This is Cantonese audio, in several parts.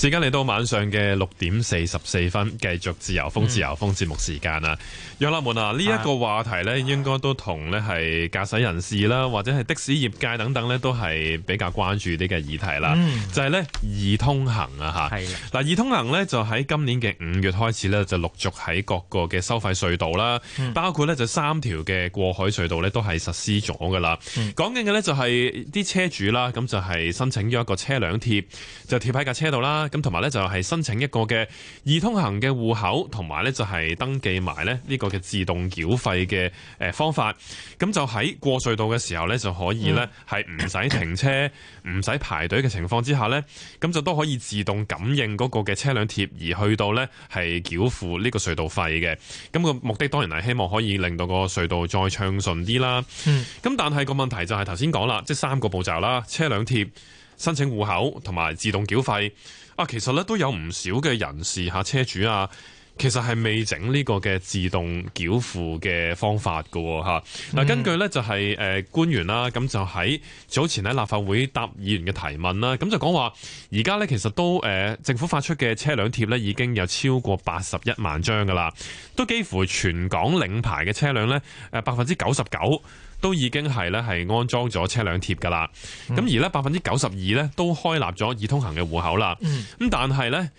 時間嚟到晚上嘅六點四十四分，繼續自由風自由風節目時間啦。楊、嗯、立門啊，呢、這、一個話題呢，應該都同呢係駕駛人士啦、嗯，或者係的士業界等等呢都係比較關注啲嘅議題啦、嗯。就係呢，易通行啊，吓。嗱，易通行呢，就喺今年嘅五月開始呢，就陸續喺各個嘅收費隧道啦、嗯，包括呢就三條嘅過海隧道呢，都係實施咗噶啦。講緊嘅呢，就係啲車主啦，咁就係申請咗一個車輛貼，就貼喺架車度啦。咁同埋咧就係申請一個嘅易通行嘅戶口，同埋咧就係登記埋咧呢個嘅自動繳費嘅誒方法。咁就喺過隧道嘅時候咧就可以咧係唔使停車、嗯、唔使排隊嘅情況之下咧，咁就都可以自動感應嗰個嘅車輛貼而去到咧係繳付呢個隧道費嘅。咁個目的當然係希望可以令到個隧道再暢順啲啦。咁、嗯、但係個問題就係頭先講啦，即係三個步驟啦：車輛貼、申請戶口同埋自動繳費。啊，其實咧都有唔少嘅人士嚇車主啊，其實係未整呢個嘅自動繳付嘅方法㗎喎，嗱、嗯，根據呢就係、係呃、官員啦，咁就喺早前喺立法會答議員嘅提問啦，咁就講話而家呢，其實都、呃、政府發出嘅車輛貼呢已經有超過八十一萬張噶啦，都幾乎全港領牌嘅車輛呢，百分之九十九。都已經係咧係安裝咗車輛貼噶啦，咁、嗯、而咧百分之九十二咧都開立咗易通行嘅戶口啦，咁、嗯、但係咧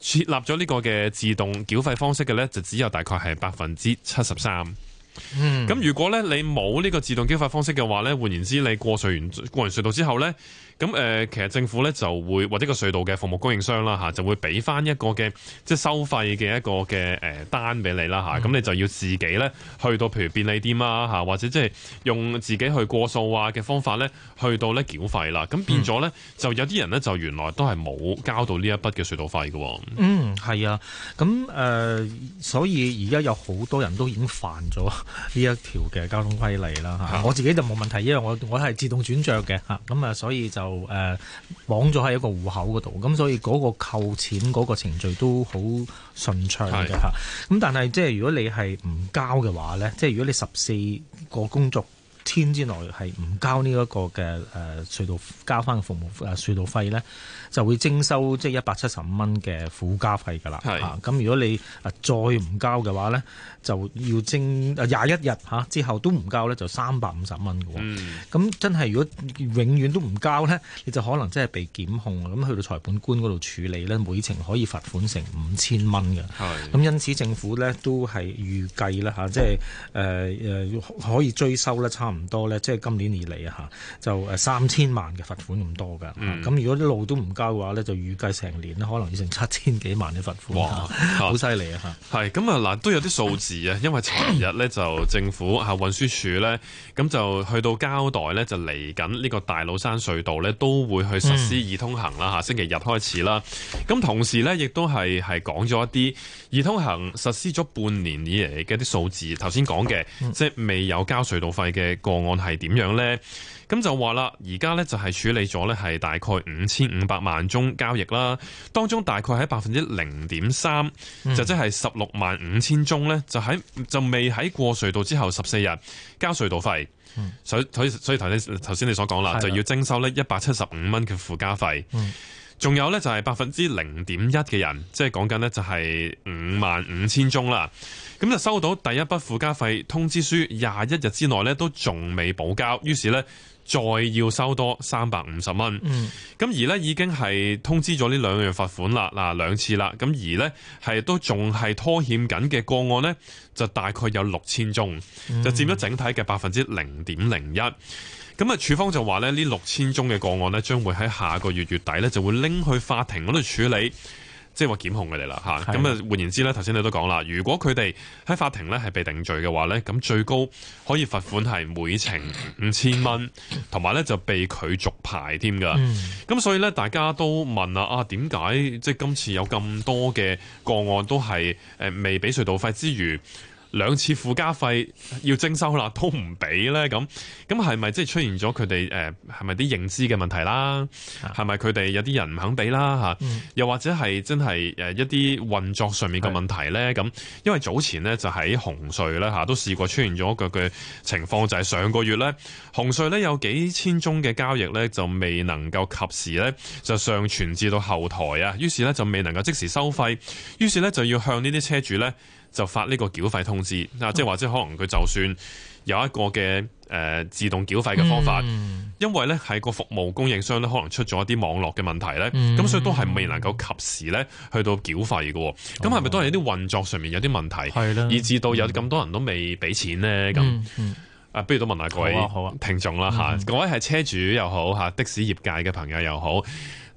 設立咗呢個嘅自動繳費方式嘅咧就只有大概係百分之七十三，咁、嗯、如果咧你冇呢個自動繳費方式嘅話咧，換言之你過隧完過完隧道之後咧。咁誒、呃，其實政府咧就會或者個隧道嘅服務供應商啦吓就會俾翻一個嘅即係收費嘅一個嘅誒單俾你啦吓，咁、嗯、你就要自己咧去到譬如便利店啊吓，或者即係用自己去過數啊嘅方法咧去到咧繳費啦。咁變咗咧、嗯、就有啲人咧就原來都係冇交到呢一筆嘅隧道費嘅、哦。嗯，係啊。咁誒、呃。所以而家有好多人都已經犯咗呢一條嘅交通規例啦吓、啊，我自己就冇問題，因為我我係自動轉賬嘅吓，咁啊，所以就。就誒綁咗喺一個戶口嗰度，咁所以嗰個扣錢嗰個程序都好順暢嘅嚇。咁但係即係如果你係唔交嘅話咧，即係如果你十四個工作。天之內係唔交呢一個嘅誒隧道交翻個服務誒隧道費咧，就會徵收即係一百七十五蚊嘅附加費㗎啦。嚇，咁、啊、如果你再唔交嘅話咧，就要徵廿一日嚇、啊、之後都唔交咧，就三百五十蚊嘅。咁、嗯、真係如果永遠都唔交咧，你就可能真係被檢控。咁去到裁判官嗰度處理咧，每程可以罰款成五千蚊嘅。咁因此政府咧都係預計啦嚇，即係誒誒可以追收咧差，唔多咧，即係今年以嚟啊，就誒三千萬嘅罰款咁多噶。咁、嗯、如果啲路都唔交嘅話咧，就預計成年咧，可能要成七千幾萬嘅罰款。哇，好犀利啊！吓，係咁啊嗱，都有啲數字啊。 因為前日咧就政府吓運輸署咧，咁就去到交代咧，就嚟緊呢個大老山隧道咧都會去實施易通行啦吓、嗯啊，星期日開始啦。咁同時咧亦都係係講咗一啲易通行實施咗半年以嚟嘅一啲數字。頭先講嘅，即係未有交隧道費嘅。個案係點樣呢？咁就話啦，而家呢就係處理咗呢係大概五千五百萬宗交易啦。當中大概喺百分之零點三，就即係十六萬五千宗呢，就喺就未喺過隧道之後十四日交隧道費，嗯。所以所以所以頭先頭先你所講啦，就要徵收呢一百七十五蚊嘅附加費。仲、嗯、有呢就係百分之零點一嘅人，即係講緊呢就係五萬五千宗啦。咁就收到第一筆附加費通知書，廿一日之內咧都仲未補交，於是咧再要收多三百五十蚊。咁、嗯、而呢，已經係通知咗呢兩樣罰款啦，嗱兩次啦。咁而呢，係都仲係拖欠緊嘅個案呢，就大概有六千宗，就佔咗整體嘅百分之零點零一。咁、嗯、啊，處方就話咧呢六千宗嘅個案呢，將會喺下個月月底呢，就會拎去法庭嗰度處理。即係話檢控佢哋啦嚇，咁啊換言之咧，頭先你都講啦，如果佢哋喺法庭咧係被定罪嘅話咧，咁最高可以罰款係每程五千蚊，同埋咧就被拒續牌添噶。咁、嗯、所以咧，大家都問啦，啊點解即係今次有咁多嘅個案都係誒未俾隧道費之餘，兩次附加費要徵收啦，都唔俾呢。咁，咁係咪即係出現咗佢哋誒係咪啲認知嘅問題啦？係咪佢哋有啲人唔肯俾啦？吓、又或者係真係誒一啲運作上面嘅問題呢？咁、啊、因為早前呢，就喺紅隧呢，都試過出現咗一個嘅情況，就係、是、上個月呢，紅隧呢有幾千宗嘅交易呢，就未能夠及時呢，就上傳至到後台啊，於是呢，就未能夠即時收費，於是呢，就要向呢啲車主呢，就發呢個繳費通知，啊，即係或者可能佢就算有一個嘅誒、呃、自動繳費嘅方法、嗯，因為呢係個服務供應商呢，可能出咗一啲網絡嘅問題呢咁、嗯、所以都係未能夠及時呢，去到繳費嘅，咁係咪都係啲運作上面有啲問題，以、嗯、致到有咁多人都未俾錢呢？咁、嗯嗯、啊，不如都問下各位、啊啊、聽眾啦吓，各位係車主又好吓，的士業界嘅朋友又好。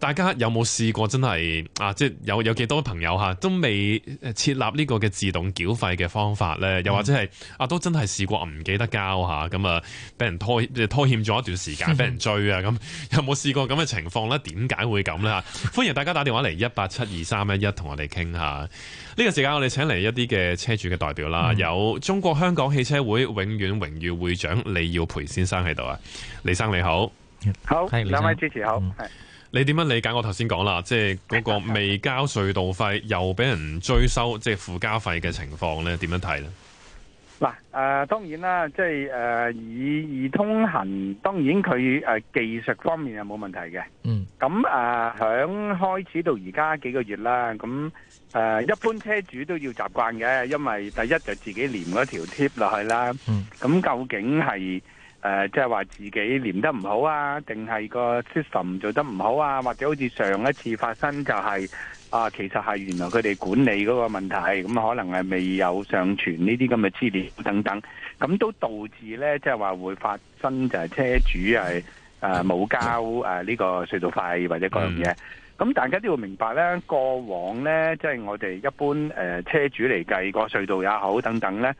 大家有冇試過真係啊？即係有有幾多朋友吓都未設立呢個嘅自動繳費嘅方法呢？又或者係啊都真係試過唔記得交吓咁啊，俾、啊、人拖拖欠咗一段時間，俾人追 啊咁。有冇試過咁嘅情況呢？點解會咁呢？啊？歡迎大家打電話嚟一八七二三一一同我哋傾下。呢、這個時間我哋請嚟一啲嘅車主嘅代表啦， 有中國香港汽車會永遠榮譽會長李耀培先生喺度啊。李生你好，好，兩位主持好。嗯你點樣理解我頭先講啦？即係嗰個未交隧道費又俾人追收，即係附加費嘅情況咧？點樣睇咧？嗱、嗯，誒、呃，當然啦，即係誒、呃，以易通行，當然佢誒、呃、技術方面係冇問題嘅。嗯。咁誒，響、呃、開始到而家幾個月啦，咁誒、呃，一般車主都要習慣嘅，因為第一就自己粘嗰條貼落去啦。嗯。咁究竟係？誒即係話自己連得唔好啊，定係個 system 做得唔好啊，或者好似上一次發生就係、是、啊，其實係原來佢哋管理嗰個問題，咁、嗯、可能係未有上傳呢啲咁嘅資料等等，咁、嗯、都、嗯、導致呢，即係話會發生就係車主係冇、呃、交誒呢個隧道費或者各樣嘢，咁大家都要明白呢，過往呢，即、就、係、是、我哋一般誒、呃、車主嚟計，個隧道也好等等呢。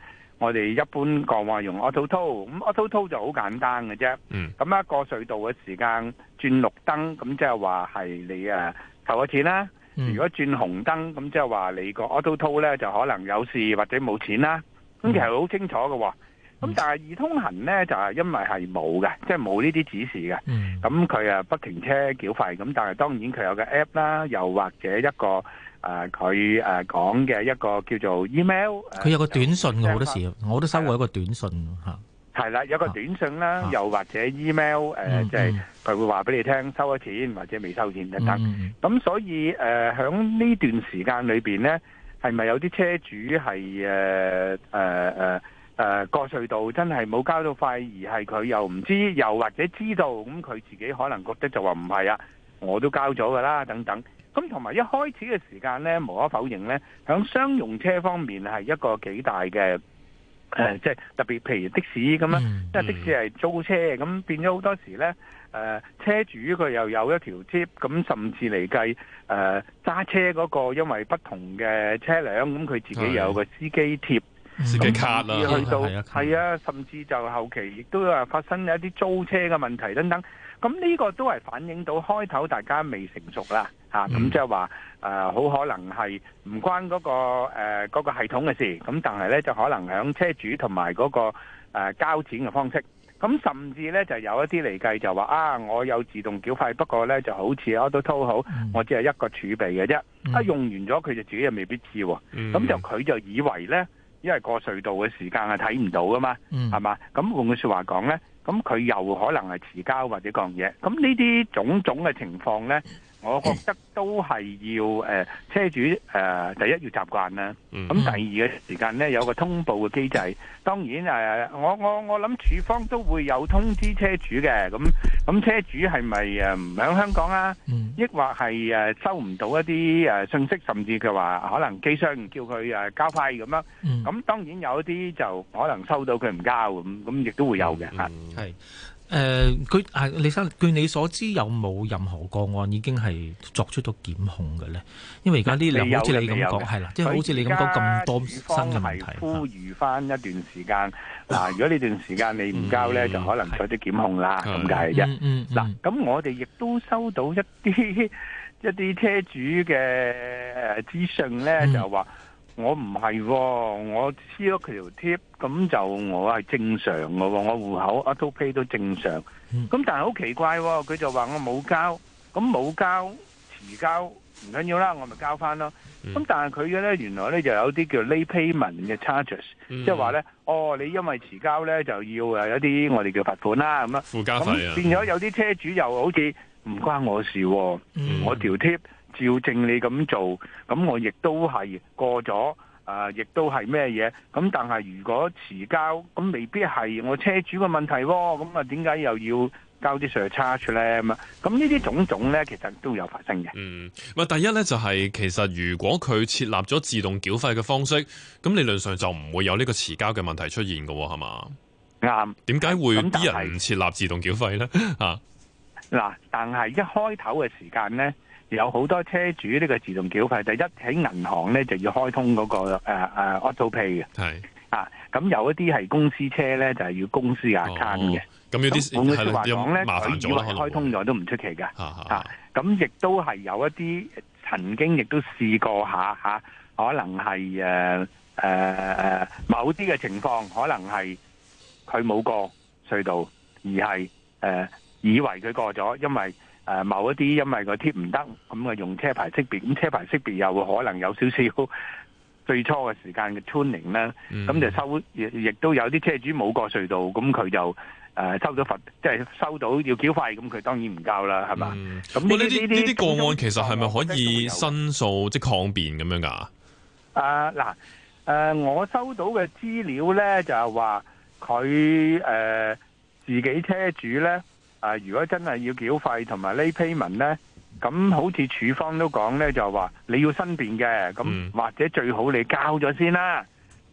我哋一般講話用 Autotoll，咁 Autotoll 就好簡單嘅啫。咁啊過隧道嘅時間轉綠燈，咁即係話係你啊投個錢啦、嗯。如果轉紅燈，咁即係話你個 Autotoll 咧就可能有事或者冇錢啦。咁、嗯、其實好清楚嘅、哦。咁、嗯、但係易通行咧就係、是、因為係冇嘅，即係冇呢啲指示嘅。咁佢啊不停車繳費，咁但係當然佢有個 app 啦，又或者一個。誒、啊，佢誒講嘅一個叫做 email，佢有個短信嘅好多時我都收過一個短信吓，係啦、啊，有個短信啦、啊，又或者 email 誒、啊，即係佢會話俾你聽收咗錢或者未收錢等等。咁、嗯、所以誒，喺、呃、呢段時間裏邊咧，係咪有啲車主係誒誒誒誒過隧道真係冇交到費，而係佢又唔知又或者知道咁，佢、嗯、自己可能覺得就話唔係啊，我都交咗噶啦等等。咁同埋一開始嘅時間呢，無可否認呢，喺商用車方面係一個幾大嘅，即、oh. 係、呃就係、特別，譬如的士咁啦，mm-hmm. 因為的士係租車，咁變咗好多時呢、呃，車主佢又有一條貼，咁甚至嚟計，誒、呃，揸車嗰個因為不同嘅車輛，咁佢自己有個司機貼，司機卡啦，去到係啊，甚至就後期亦都有發生一啲租車嘅問題等等。咁、這、呢個都係反映到開頭大家未成熟啦，吓、嗯、咁、啊、即係話誒，好、呃、可能係唔關嗰、那個誒嗰、呃那個系統嘅事，咁但係咧就可能響車主同埋嗰個誒、呃、交錢嘅方式，咁、嗯、甚至咧就有一啲嚟計就話啊，我有自動繳費，不過咧就好似我都拖好，嗯、我只係一個儲備嘅啫，一、嗯、用完咗佢就自己又未必知，咁、嗯、就佢就以為咧，因為過隧道嘅時間係睇唔到噶嘛，係、嗯、嘛？咁、嗯嗯嗯、換句說話講咧。咁佢又可能係遲交或者講嘢，咁呢啲種種嘅情況咧。我覺得都係要誒車主誒、呃、第一要習慣啦。咁、嗯、第二嘅時間咧有個通報嘅機制。當然誒、呃，我我我諗署方都會有通知車主嘅。咁咁車主係咪誒唔喺香港啊？亦或係誒收唔到一啲誒信息，甚至佢話可能機商叫佢誒交費咁樣。咁、嗯、當然有一啲就可能收到佢唔交咁，咁亦都會有嘅嚇。係、嗯。嗯。誒，佢啊，李生，據你所知有冇任何個案已經係作出咗檢控嘅咧？因為而家啲人好似你咁講，係啦，即係好似你咁講咁多新嘅問題，呼籲翻一段時間。嗱，如果呢段時間你唔交咧，就可能採取檢控啦，咁解嘅啫。嗱，咁我哋亦都收到一啲一啲車主嘅資訊咧，就話。我唔係、哦，我黐咗佢條貼，咁就我係正常嘅喎，我戶口 auto pay 都正常。咁但係好奇怪、哦，佢就話我冇交，咁冇交遲交唔緊要啦，我咪交翻咯。咁 但係佢嘅咧，原來咧就有啲叫 late payment 嘅 charges， 即係話咧，哦，你因為遲交咧就要誒有啲我哋叫罰款啦咁啊。附加費、啊、變咗有啲車主又好似唔關我事、哦， 我條貼。照正你咁做，咁我亦、呃、都係過咗，啊，亦都係咩嘢？咁但係如果遲交，咁未必係我車主嘅問題喎，咁啊，點解又要交啲 surcharge 咧？咁啊，咁呢啲種種咧，其實都有發生嘅。嗯，喂，第一咧就係、是，其實如果佢設立咗自動繳費嘅方式，咁理論上就唔會有呢個遲交嘅問題出現嘅，係嘛？啱。點解會啲人唔設立自動繳費咧？吓，嗱，但係一開頭嘅時間咧。有好多車主呢個自動繳費就一喺銀行咧就要開通嗰，那個誒 auto pay 嘅，係、呃、啊，咁、啊啊、有一啲係公司車咧就係、是、要公司 account 嘅。咁、哦、呢啲係咪有麻煩咗？以為開通咗都唔出奇嘅吓。咁亦都係、啊啊啊、有一啲曾經亦都試過下嚇、啊，可能係誒誒誒某啲嘅情況，可能係佢冇過隧道，而係誒、呃、以為佢過咗，因為。誒，某一啲因為個貼唔得，咁啊用車牌識別，咁車牌識別又會可能有少少最初嘅時間嘅 tuning 咧、嗯，咁就收亦亦都有啲車主冇過隧道，咁佢就誒、呃、收咗罰，即、就、係、是、收到要繳費，咁佢當然唔交啦，係、嗯、嘛？咁呢啲呢啲個案其實係咪可以申訴即抗辯咁樣噶？誒、呃，嗱，誒，我收到嘅資料咧就係話佢誒自己車主咧。啊！如果真係要繳費同埋呢批文呢，咁好似署方都講呢，就話你要申辯嘅，咁或者最好你交咗先啦、啊。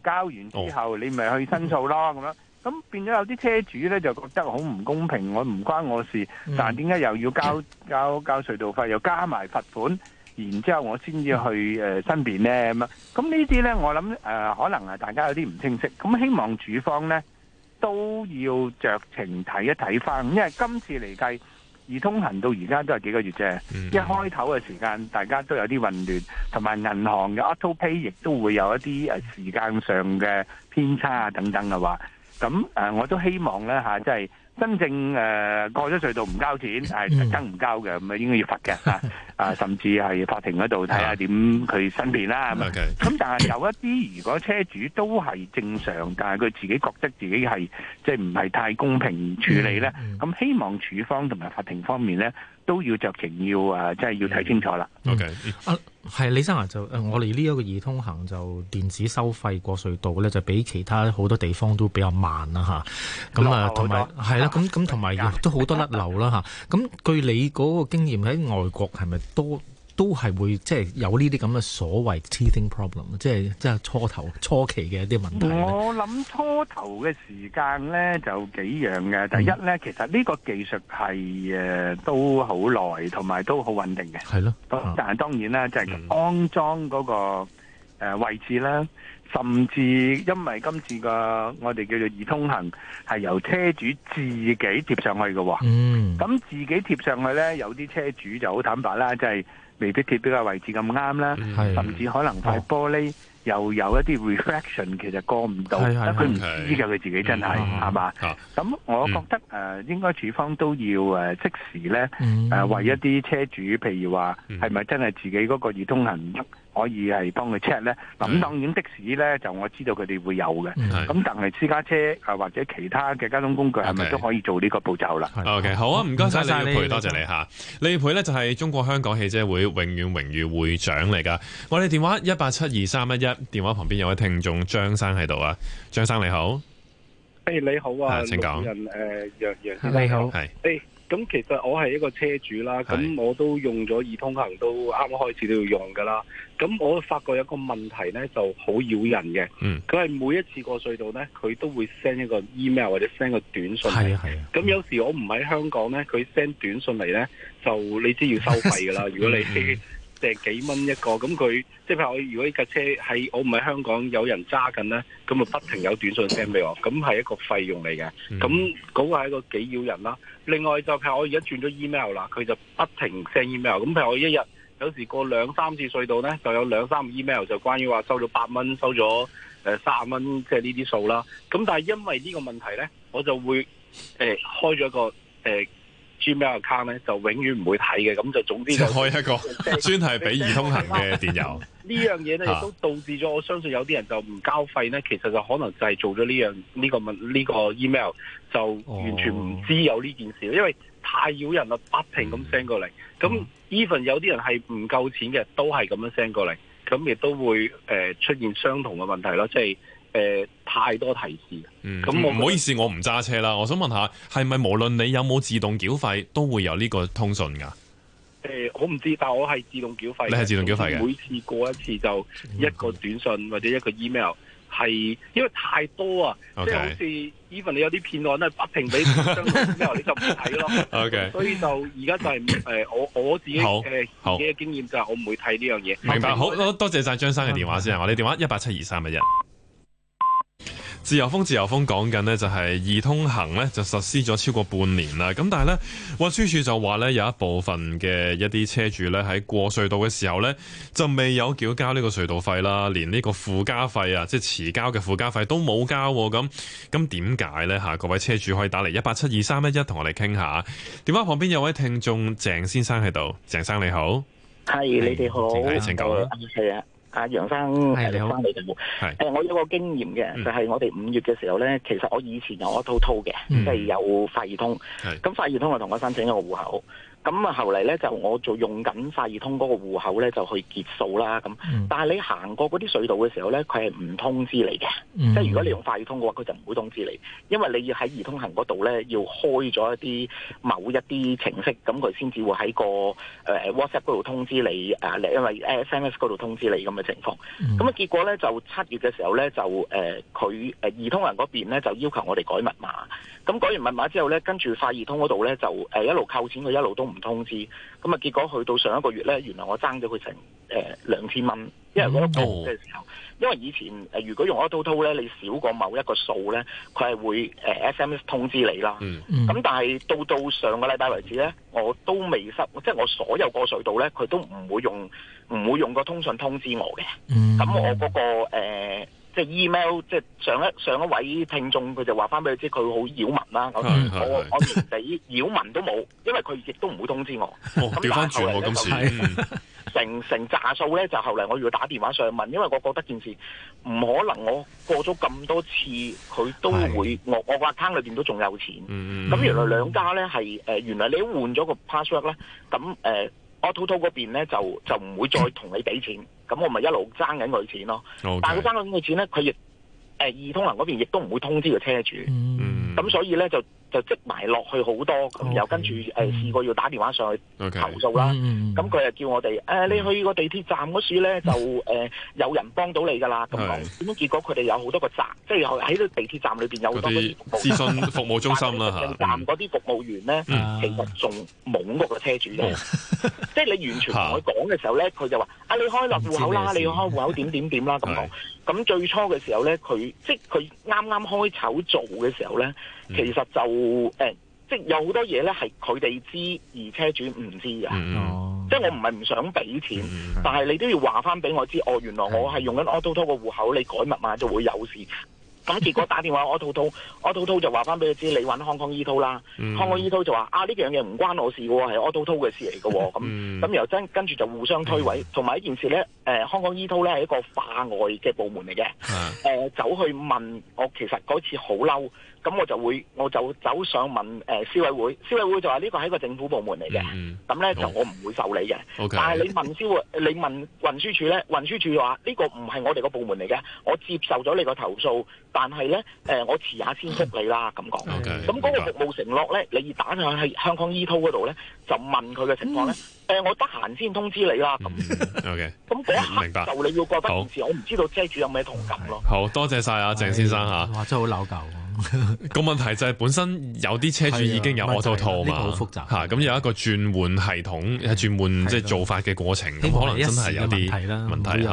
交完之後，你咪去申訴咯。咁樣咁變咗有啲車主呢，就覺得好唔公平，我唔關我事，但點解又要交交交隧道費，又加埋罰款，然之後我先至去誒申辯呢。咁啊？咁呢啲呢，我諗誒、呃、可能係大家有啲唔清晰。咁希望署方呢，都要酌情睇一睇翻，因為今次嚟計易通行到而家都係幾個月啫，mm-hmm. 一開頭嘅時間大家都有啲混亂，同埋銀行嘅 Auto Pay 亦都會有一啲誒時間上嘅偏差啊等等嘅話，咁、呃、我都希望咧吓即係。啊真正誒、呃、過咗隧道唔交錢係特登唔交嘅，咁 啊應該要罰嘅啊，啊，甚至係法庭嗰度睇下點佢申辯啦。咁 但係有一啲如果車主都係正常，但係佢自己覺得自己係即係唔係太公平處理呢，咁 希望處方同埋法庭方面呢。都要酌情，要，真要、okay. 嗯、啊，即係要睇清楚啦。OK，啊，係李生啊，就我哋呢一個易通行就電子收費過隧道咧，就比其他好多地方都比較慢啦，吓。咁啊，同埋係啦，咁咁同埋都好多甩漏啦，吓、啊。咁據你嗰個經驗喺外國係咪多？都係會即係、就是、有呢啲咁嘅所謂 teething problem，即係即係初頭初期嘅一啲問題。我諗初頭嘅時間呢,就幾樣嘅、嗯,第一呢,其實呢個技術係誒都好耐同埋都好穩定嘅,係咯。但係當然啦,即、就、係、是、安裝嗰個誒位置咧、嗯,甚至因為今次個我哋叫做易通行係由車主自己貼上去嘅,咁、嗯、自己貼上去呢,有啲車主就好坦白啦,即係。未必貼比較位置咁啱啦，甚至可能塊玻璃又有一啲 reflection，其實過唔到，佢唔知㗎佢自，自己真係係嘛？咁、嗯嗯嗯、我覺得誒、呃、應該處方都要、呃、即時咧，誒、呃、為一啲車主，譬如話係咪真係自己嗰個易通行可以係幫佢 check 咧，咁當然的士咧就我知道佢哋會有嘅。咁但係私家車啊或者其他嘅交通工具係咪，okay，都可以做呢個步驟啦？OK 好啊，唔該晒。李培，多謝你嚇。李培呢，就係中國香港汽車會永遠榮譽會長嚟噶。我哋電話一八七二三一一，電話旁邊有位聽眾張生喺度啊，張生你好。誒、hey，你好啊，請講。人誒楊楊你好，係、hey. 咁其實我係一個車主啦，咁我都用咗易通行，都啱啱開始都要用噶啦。咁我發覺有一個問題咧，就好擾人嘅。嗯，佢係每一次過隧道咧，佢都會 send 一個 email 或者 send 個短信嚟。係啊係啊。咁有時我唔喺香港咧，佢 send 短信嚟咧，就你知要收費㗎啦。 如果你成幾蚊一個咁佢，即係譬如我如果呢架車喺我唔喺香港，有人揸緊咧，咁就不停有短信 send 俾我，咁係一個費用嚟嘅。咁、嗯、嗰、那個係一個幾擾人啦。另外就譬如我而家轉咗 email 啦，佢就不停 send email。咁譬如我一日有時過兩三次隧道咧，就有兩三個 email 就關於話收咗八蚊、收咗三卅蚊，即係呢啲數啦。咁但係因為呢個問題咧，我就會誒、欸、開咗個誒。欸 Gmail account 咧就永遠唔會睇嘅，咁就總之就開、是、一個 專係俾易通行嘅電郵。 這件事呢樣嘢咧亦都導致咗，我相信有啲人就唔交費咧，其實就可能就係做咗呢樣呢個問呢、呢個 email 就完全唔知有呢件事，因為太擾人啦，不停咁 send 過嚟。咁 even 有啲人係唔夠錢嘅，都係咁樣 send 過嚟，咁亦都會誒出現相同嘅問題咯，即係。誒、呃，太多提示，咁、嗯、唔、嗯嗯、好意思，我唔揸車啦。我想問一下，係咪無論你有冇自動繳費，都會有呢個通訊㗎？誒、呃，我唔知道，但係我係自動繳費。你係自動繳費嘅？每次過一次就一個短信或者一個 email，係、嗯、因為太多啊、okay.，即係好似 even 你有啲騙案咧，不停俾信息之後你就唔睇咯。OK，所以就而家就係、是、誒，我、 呃、我自己誒、呃、自己嘅經驗就係我唔會睇呢樣嘢。明白，好，嗯、好多謝晒張生嘅電話先、嗯、我你電話一八七二三一一。自由風，自由風講緊呢就係易通行呢就實施咗超過半年啦。咁但係呢，運輸署就話呢有一部分嘅一啲車主呢喺過隧道嘅時候呢，就未有繳交呢個隧道費啦，連呢個附加費啊，即係遲交嘅附加費都冇交咁。咁點解呢吓？各位車主可以打嚟一八七二三一一同我哋傾下。電話旁邊有位聽眾鄭先生喺度，鄭生你好，係、hey, 你哋好，先生請講。啊，楊生，係，你好，生你哋係，誒、呃，我有一個經驗嘅，就係、是、我哋五月嘅時候咧、嗯，其實我以前有一套套嘅，即、嗯、係有快易通。係，咁快易通我同我申請一個戶口。咁啊，後嚟咧就我就用緊快易通嗰個戶口咧就去結數啦。咁，但係你行過嗰啲隧道嘅時候咧，佢係唔通知你嘅、嗯。即係如果你用快易通嘅話，佢就唔會通知你，因為你要喺易通行嗰度咧要開咗一啲某一啲程式，咁佢先至會喺個、呃、WhatsApp 嗰度通知你啊，因、呃、為 SMS 嗰度通知你咁嘅情況。咁、嗯、啊，結果咧就七月嘅時候咧就佢誒易通行嗰邊咧就要求我哋改密碼。咁改完密碼之後咧，跟住快易通嗰度咧就、呃、一路扣錢，佢一路都。唔通知，咁啊結果去到上一個月咧，原來我爭咗佢成誒兩千蚊，因為 Autotoll 嘅時候、嗯哦，因為以前誒、呃、如果用 Autotoll 咧，你少過某一個數咧，佢係會誒、呃、S M S 通知你啦。咁、嗯嗯、但係到到上個禮拜為止咧，我都未失，即、就、係、是、我所有個隧道咧，佢都唔會用，唔會用個通訊通知我嘅。咁、嗯、我嗰、那個誒。嗯呃即、就、係、是、email，即係上一上一位聽眾，佢就話翻俾佢知，佢好擾民啦。我我連俾擾民都冇， 因為佢亦都唔會通知我。咁翻轉我，我成 成詐數咧，就後嚟我要打電話上去問，因為我覺得件事唔可能，我過咗咁多次，佢都會我我個 account 裏邊都仲有錢。咁、嗯、原來兩家咧係誒，原來你都換咗個 password 咧，咁誒，我 AutoToll 嗰邊咧就就唔會再同你俾錢。 咁我咪一路爭緊佢錢咯，Okay。但係佢爭緊佢錢咧，佢亦誒易通行嗰邊亦都唔會通知個車主，咁、mm。所以咧就。就積埋落去好多，咁又跟住誒試過要打電話上去投訴啦。咁佢又叫我哋誒、呃，你去個地鐵站嗰處咧， 就誒有人幫到你㗎啦。咁講點樣？結果佢哋有好多個站，即係喺地鐵站裏邊有好多嗰啲諮詢服務中心啦。嚇站嗰啲服務員咧，員 站站員呢 其實仲懵嗰個車主嘅， 即係你完全同佢講嘅時候咧，佢 就話啊，你開立戶口啦，你要開戶口點點點啦咁講。咁 最初嘅時候咧，佢即係佢啱啱開籌做嘅時候咧。其實就誒、欸，即有好多嘢呢係佢哋知而車主唔知嘅。Mm-hmm. 即我唔係唔想畀錢，mm-hmm. 但係你都要話返畀我知，mm-hmm. 哦，原來我係用緊 Autotoll 嘅戶口，你改密碼就會有事。咁 結果打電話 Autotoll ，Autotoll 就話返畀佢知，你搵 Hong 揾 HKeToll 啦。Hong HKeToll 就話啊，呢樣嘢唔關我事喎，係 Autotoll 嘅事嚟㗎喎。咁咁然後真跟住就互相推諉，同 埋呢件事呢，Hong 咧，誒、呃，HKeToll 咧係一個化外嘅部門嚟嘅、 呃。走去問我，其實嗰次好嬲。咁我就會，我就走上問誒、呃、消委會，消委會就話呢個係個政府部門嚟嘅，咁、嗯、咧就我唔會受理嘅。Okay, 但係你問消委， 你問運輸署咧，運輸署話呢個唔係我哋個部門嚟嘅，我接受咗你個投訴，但係咧誒我遲下先覆你啦咁講。咁嗰、okay, 個服務承諾咧，你打響喺香港 eToll 嗰度咧，就問佢嘅情況咧。誒、嗯呃、我得閒先通知你啦。咁、嗯、咁、okay, 嗰一刻你就你要覺得件事，我唔知道車主有咩同感咯。好多謝晒啊，鄭先生嚇、哎。哇，真係好老舊。個 問題就係本身有啲車主已經有 Autotoll 嘛，吓咁、就是、有一個轉換系統，轉換即係做法嘅過程，咁可能真係有啲問題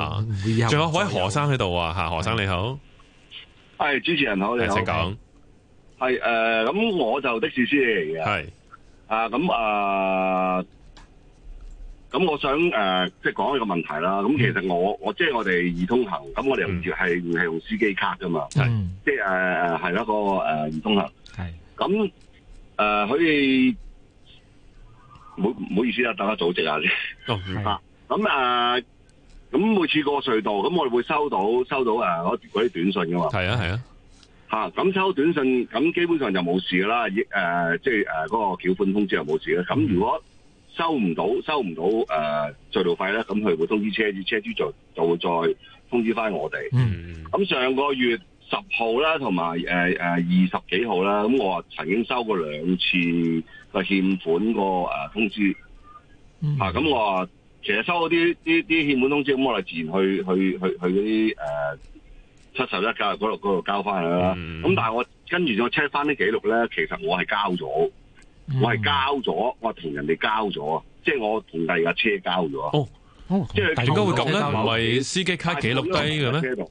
吓。仲有位何生喺度啊，吓，何生你好，係主持人好，你好。請講，係誒，咁我就的士司機嚟嘅，係啊咁啊。咁我想誒，即係講一個問題啦。咁其實我、嗯、我即係、就是、我哋易通行，咁我哋同時係係用司機卡噶嘛，即係誒誒係一個誒易、呃、通行。係咁誒可以，唔好唔好意思啦，大家組織下先。好、哦，唔該咁誒，咁、 呃、每次過隧道，咁我哋會收到收到誒嗰啲短信噶嘛？係啊係啊。嚇咁收短信，咁基本上就冇事噶啦。亦即係誒嗰個繳款通知又冇事啦。咁如果、嗯收唔到，收唔到，誒、呃，隧道費咧，咁佢會通知車主，車主就就會再通知翻我哋。咁、mm-hmm. 上個月十號啦，同埋誒誒二十幾號啦，咁、呃呃、我曾經收過兩次個欠款個誒、呃、通知。吓、mm-hmm. 啊，咁我話其實收嗰啲啲啲欠款通知，咁我就自然去去去去嗰啲誒七十一交嗰度嗰度交翻去啦。咁、mm-hmm. 但係我跟住咗 check 返翻啲記錄咧，其實我係交咗。我係交咗，我同人哋交咗，即係我同第二架車交咗。哦哦，即係點解會咁咧？唔係司機卡記錄低嘅咩？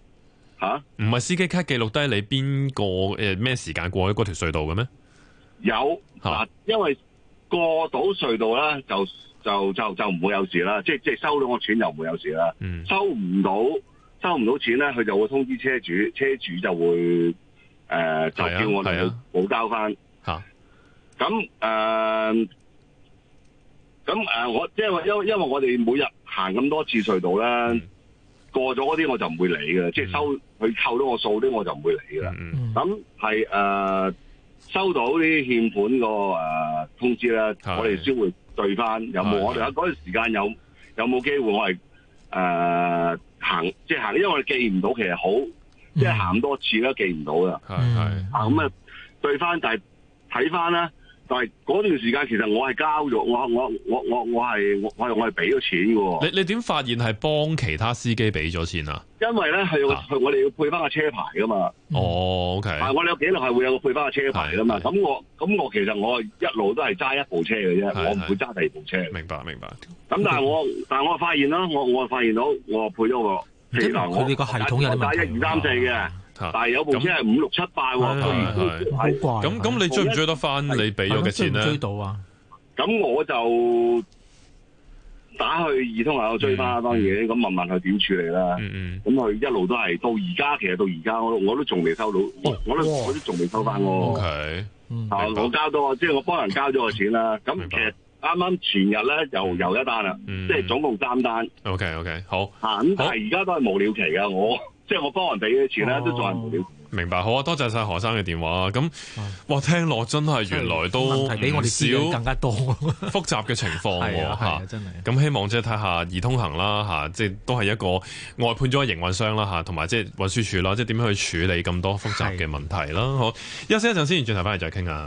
吓，唔係司機卡記錄低你邊個誒咩時間過喺嗰條隧道嘅咩？有、啊、因為過到隧道咧，就就就就唔會有事啦。即係即係收到我錢就唔會有事啦、嗯。收唔到收唔到錢咧，佢就會通知車主，車主就會誒、呃、就叫我哋冇、啊、交翻吓。啊咁誒，咁、呃、誒、呃，我即係因為因為我哋每日行咁多次隧道咧、嗯，過咗嗰啲我就唔會理嘅、嗯，即係收佢扣咗我數啲我就唔會理啦。咁係誒收到啲欠款個誒、呃、通知咧，我哋先會對翻有冇我哋嗰段時間有有冇機會我係誒、呃、行即係行，因為我記唔到其實好即係、嗯就是，行多次都記唔到㗎。係係啊，咁啊，對翻，但係睇翻咧但係嗰段時間，其實我係交咗，我我我我我係我係我係俾咗錢嘅。你你點發現係幫其他司機俾咗錢啊？因為咧係、啊、我哋要配翻個車牌噶嘛。哦，OK。但係我哋有記錄係會有個配翻個車牌噶嘛。咁我咁我其實我一路都係揸一部車嘅啫，我唔會揸第二部車。明白明白。咁但係我、okay。但係我發現啦，我我發現到我配咗個四一、二、三四嘅。但係有部車係五、啊嗯、六七八喎，個月咁咁，你追唔追得翻你俾咗嘅錢咧？追到啊！咁我就打去易通行，我追翻當然，咁問問佢點處理啦。咁、嗯、佢一路都係到而家，其實到而家，我我都仲未收到，哦、我都我都仲未收翻喎、哦哦 okay, 嗯。啊！我交啊、就是嗯，即係我幫人交咗個錢啦。咁其實啱啱前日咧又又一單啦，即係總共三單。OK OK，好。咁但係而家都係無了期噶，我。即係我幫人哋嘅錢咧，人都仲係少。明白，好啊，多謝晒何生嘅電話。咁哇，聽落真係原來都少問比我哋私更加多，複雜嘅情況吓。咁、啊、希望即係睇下易通行啦，吓，即係都係一個外判咗嘅營運商啦，吓，同埋即係運輸署啦，即係點樣去處理咁多複雜嘅問題啦。好，休息一陣先，轉頭翻嚟，再傾下。